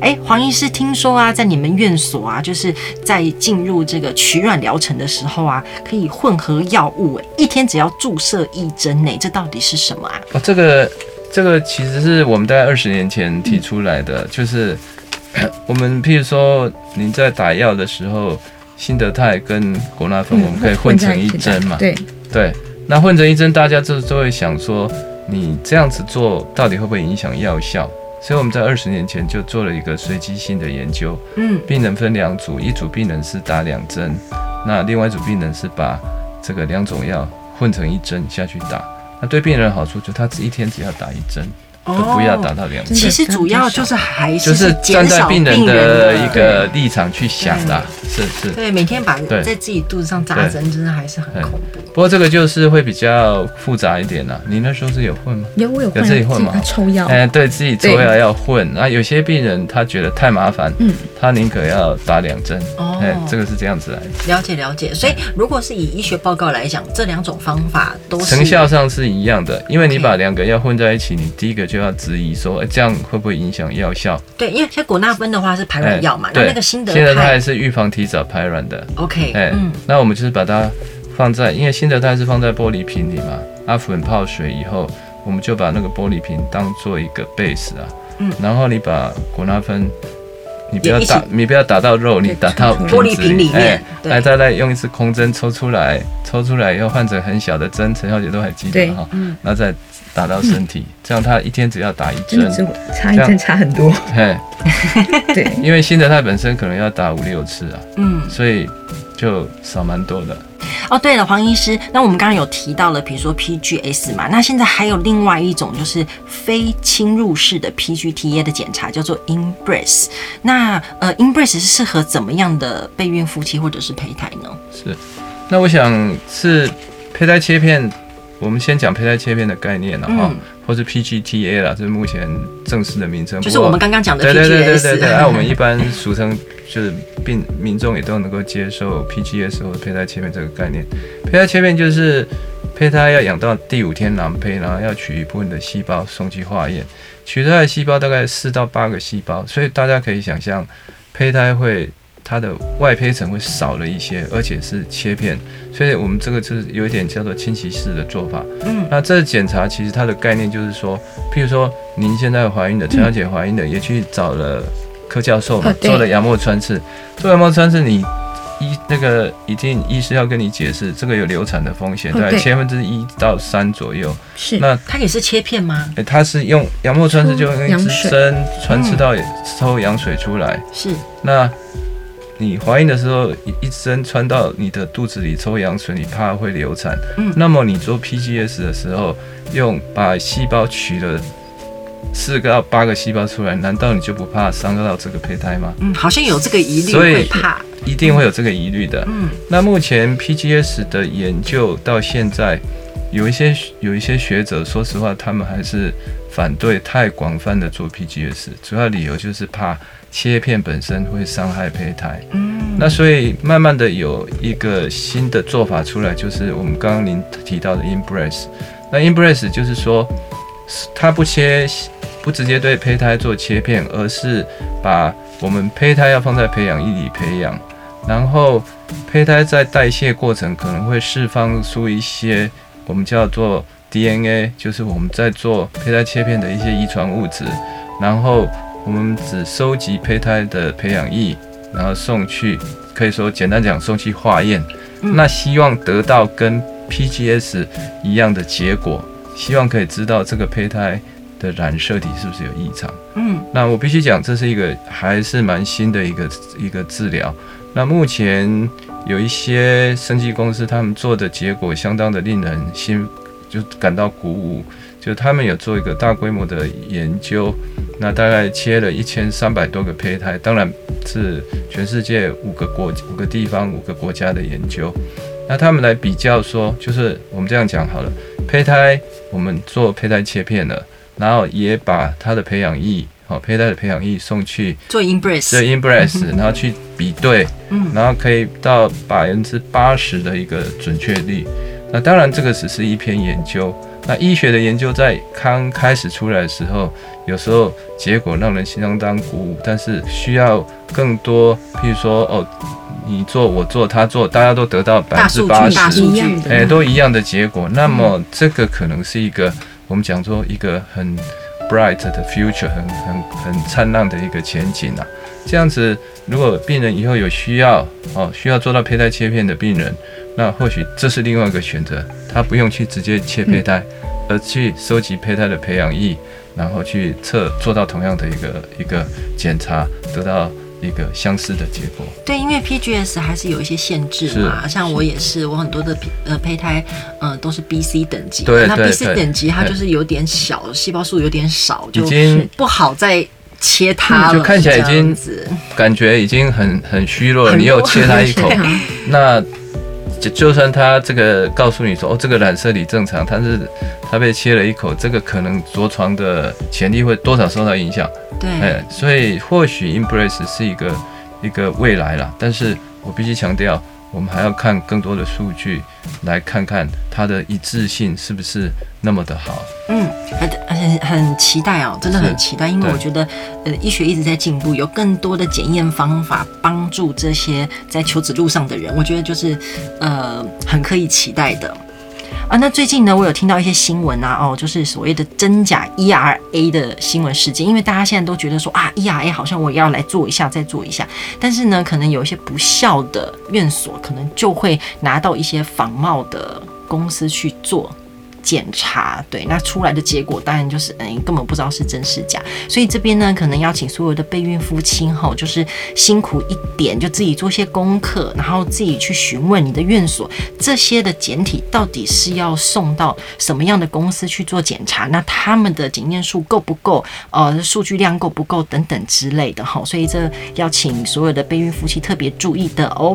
哎、欸，黃醫師，聽說啊，在你們院所啊，就是在進入這個取卵療程的時候啊，可以混合藥物、欸，哎，一天只要注射一針，哎，這到底是什麼啊？哦，這個，這個其實是我們大概二十年前提出來的，嗯、就是我們，譬如說您在打藥的時候，辛德泰跟果納芬，我們可以混成一針嘛？嗯、對對，那混成一針，大家就就會想說，你這樣子做到底會不會影響藥效？所以我們在二十年前就做了一個隨機性的研究，嗯，病人分兩組，一組病人是打兩針，那另外一組病人是把這個兩種藥混成一針下去打，那對病人的好處就他一天只要打一針。哦、不要打到兩針。其實主要就是還是站在病人的一個立場去想啦，是是，對是對。對，每天把在自己肚子上扎針，真的、就是、還是很恐怖。不過這個就是會比較複雜一點啦。你那時候是有混嗎？有，我有自己混嗎？抽藥、欸。對自己抽藥要混。那、啊、有些病人他覺得太麻煩，嗯，他寧可要打兩針。哦、嗯欸，這個是這樣子來的。了解了解。所以，如果是以醫學報告來講，這兩種方法都是。成效上是一樣的，因為你把兩個藥混在一起，okay. 你第一個就。不要質疑說，哎、欸，這樣會不會影響藥效？對，因為像果納芬的話是排卵藥嘛、欸那那，對，那個辛德泰還是預防提早排卵的。OK，、欸、嗯，那我們就是把它放在，因為辛德泰是放在玻璃瓶裡嘛。嗯、阿弗林泡水以後，我們就把那個玻璃瓶當做一個 base 啊。嗯、然後你把果納芬，你不要打，你不要打到肉，你打到子玻璃瓶裡面。哎、欸，再來用一次空針抽出來，抽出來以後換成很小的針，陳小姐都還記得哈。那、嗯、再。打到身體、嗯，這樣他一天只要打一針，嗯、樣差一針差很多。 對，因為新的它本身可能要打五六次啊，嗯，所以就少蠻多的、嗯。哦，對了，黃醫師，那我們剛剛有提到了，比如說 PGS 嘛，那現在還有另外一種就是非侵入式的 PGT-A 的檢查，叫做 Embrace。那呃，Embrace 是適合怎麼樣的備孕夫妻或者是胚胎呢？是，那我想是胚胎切片。我們先講胚胎切片的概念了哈、嗯，或是 PGT-A 啦，這是目前正式的名稱，就是我們剛剛講的 PGS 對對對對對那、 啊、我們一般俗稱就是病民眾也都能夠接受 PGS 或胚胎切片這個概念。胚胎切片就是胚胎要養到第五天囊胚，然後要取一部分的細胞送去化驗，取出來的細胞大概四到八個細胞，所以大家可以想象胚胎會。它的外胚層會少了一些，而且是切片，所以我們這個就是有一點叫做侵襲式的做法。嗯，那這檢查其實它的概念就是說，譬如說您現在懷孕的陳小姐懷孕的、嗯、也去找了柯教授嘛，做、啊、了羊膜穿刺。做羊膜穿刺你，你醫那個一定醫師要跟你解釋，這個有流產的風險、哦，對，千分之一到三左右。是，那它也是切片嗎？誒、欸，它是用羊膜穿刺，就用一根針穿刺到抽羊水出來。嗯、是，那。你懷孕的時候，一針穿到你的肚子裡抽羊水，你怕會流產。嗯，那麼你做 PGS 的時候，用把細胞取了四個到八個細胞出來，難道你就不怕傷到這個胚胎嗎？嗯，好像有這個疑慮，所以會怕，一定會有這個疑慮的。嗯，那目前 PGS 的研究到現在。有一些有一些學者，說實話，他們還是反對太廣泛的做 PGS，主要理由就是怕切片本身會傷害胚胎。嗯，那所以慢慢的有一個新的做法出來，就是我們剛剛您提到的 Embrace。那 Embrace 就是說，它不切，不直接對胚胎做切片，而是把我們胚胎要放在培養液裡培養，然後胚胎在代謝過程可能會釋放出一些。我們叫做 DNA，就是我們在做胚胎切片的一些遺傳物質，然後我們只收集胚胎的培養液，然後送去，可以說簡單講送去化驗，那希望得到跟 PGS 一樣的結果，希望可以知道這個胚胎的染色體是不是有異常。嗯，那我必須講，這是一個還是蠻新的一個一個治療。那目前。有一些生技公司，他們做的結果相當的令人心就感到鼓舞。就他們有做一個大規模的研究，那大概切了一千三百多個胚胎，當然是全世界五個國五個地方五個國家的研究。那他們來比較說，就是我們這樣講好了，胚胎我們做胚胎切片了，然後也把它的培養液。好，胚胎的培養液送去做 Embrace 對 Embrace 然後去比對，嗯、然後可以到百分之八十的一個準確率。那當然，這個只是一篇研究。那醫學的研究在剛開始出來的時候，有時候結果讓人心相當鼓舞，但是需要更多，譬如說，哦，你做，我做，他做，大家都得到百分之八十，哎，都一樣的結果。那麼這個可能是一個，嗯、我們講說一個很。Bright 的 future 很很很燦爛的一個前景啊。這樣子，如果病人以後有需要哦，需要做到胚胎切片的病人，那或許這是另外一個選擇，他不用去直接切胚胎，嗯，而去收集胚胎的培養液，然後去測做到同樣的一個一個檢查，得到。一個相似的結果，對，因為 PGS 還是有一些限制嘛，像我也是，我很多的呃胚胎，嗯、呃，都是 BC 等級，對，那 BC 等級它就是有點小，細胞數有點少，就已經就不好再切它了，嗯、就看起來已經這樣子，感覺已經很很虛弱了很，你又切它一口， 那。就就算他這個告訴你說，哦，這個染色體正常，但是他被切了一口，這個可能着床的潛力會多少受到影響？對、嗯，所以或許 Embrace 是一個一個未來啦，但是我必須強調。我們還要看更多的數據，來看看它的一致性是不是那麼的好。嗯，很很很期待哦，真的很期待，因為我覺得，呃，醫學一直在進步，有更多的檢驗方法幫助這些在求子路上的人，我覺得就是，呃，很可以期待的。啊，那最近呢，我有聽到一些新聞啊，哦，就是所謂的真假 ERA 的新聞事件，因為大家現在都覺得說啊，ERA 好像我也要來做一下，再做一下，但是呢，可能有一些不肖的院所，可能就會拿到一些仿冒的公司去做。檢查，對，那出來的結果當然就是，嗯，根本不知道是真是假。所以這邊呢，可能要請所有的備孕夫妻吼，就是辛苦一點，就自己做些功課，然後自己去詢問你的院所這些的檢體到底是要送到什麼樣的公司去做檢查，那他們的檢驗數夠不夠，呃，數據量夠不夠等等之類的吼。所以這要請所有的備孕夫妻特別注意的哦。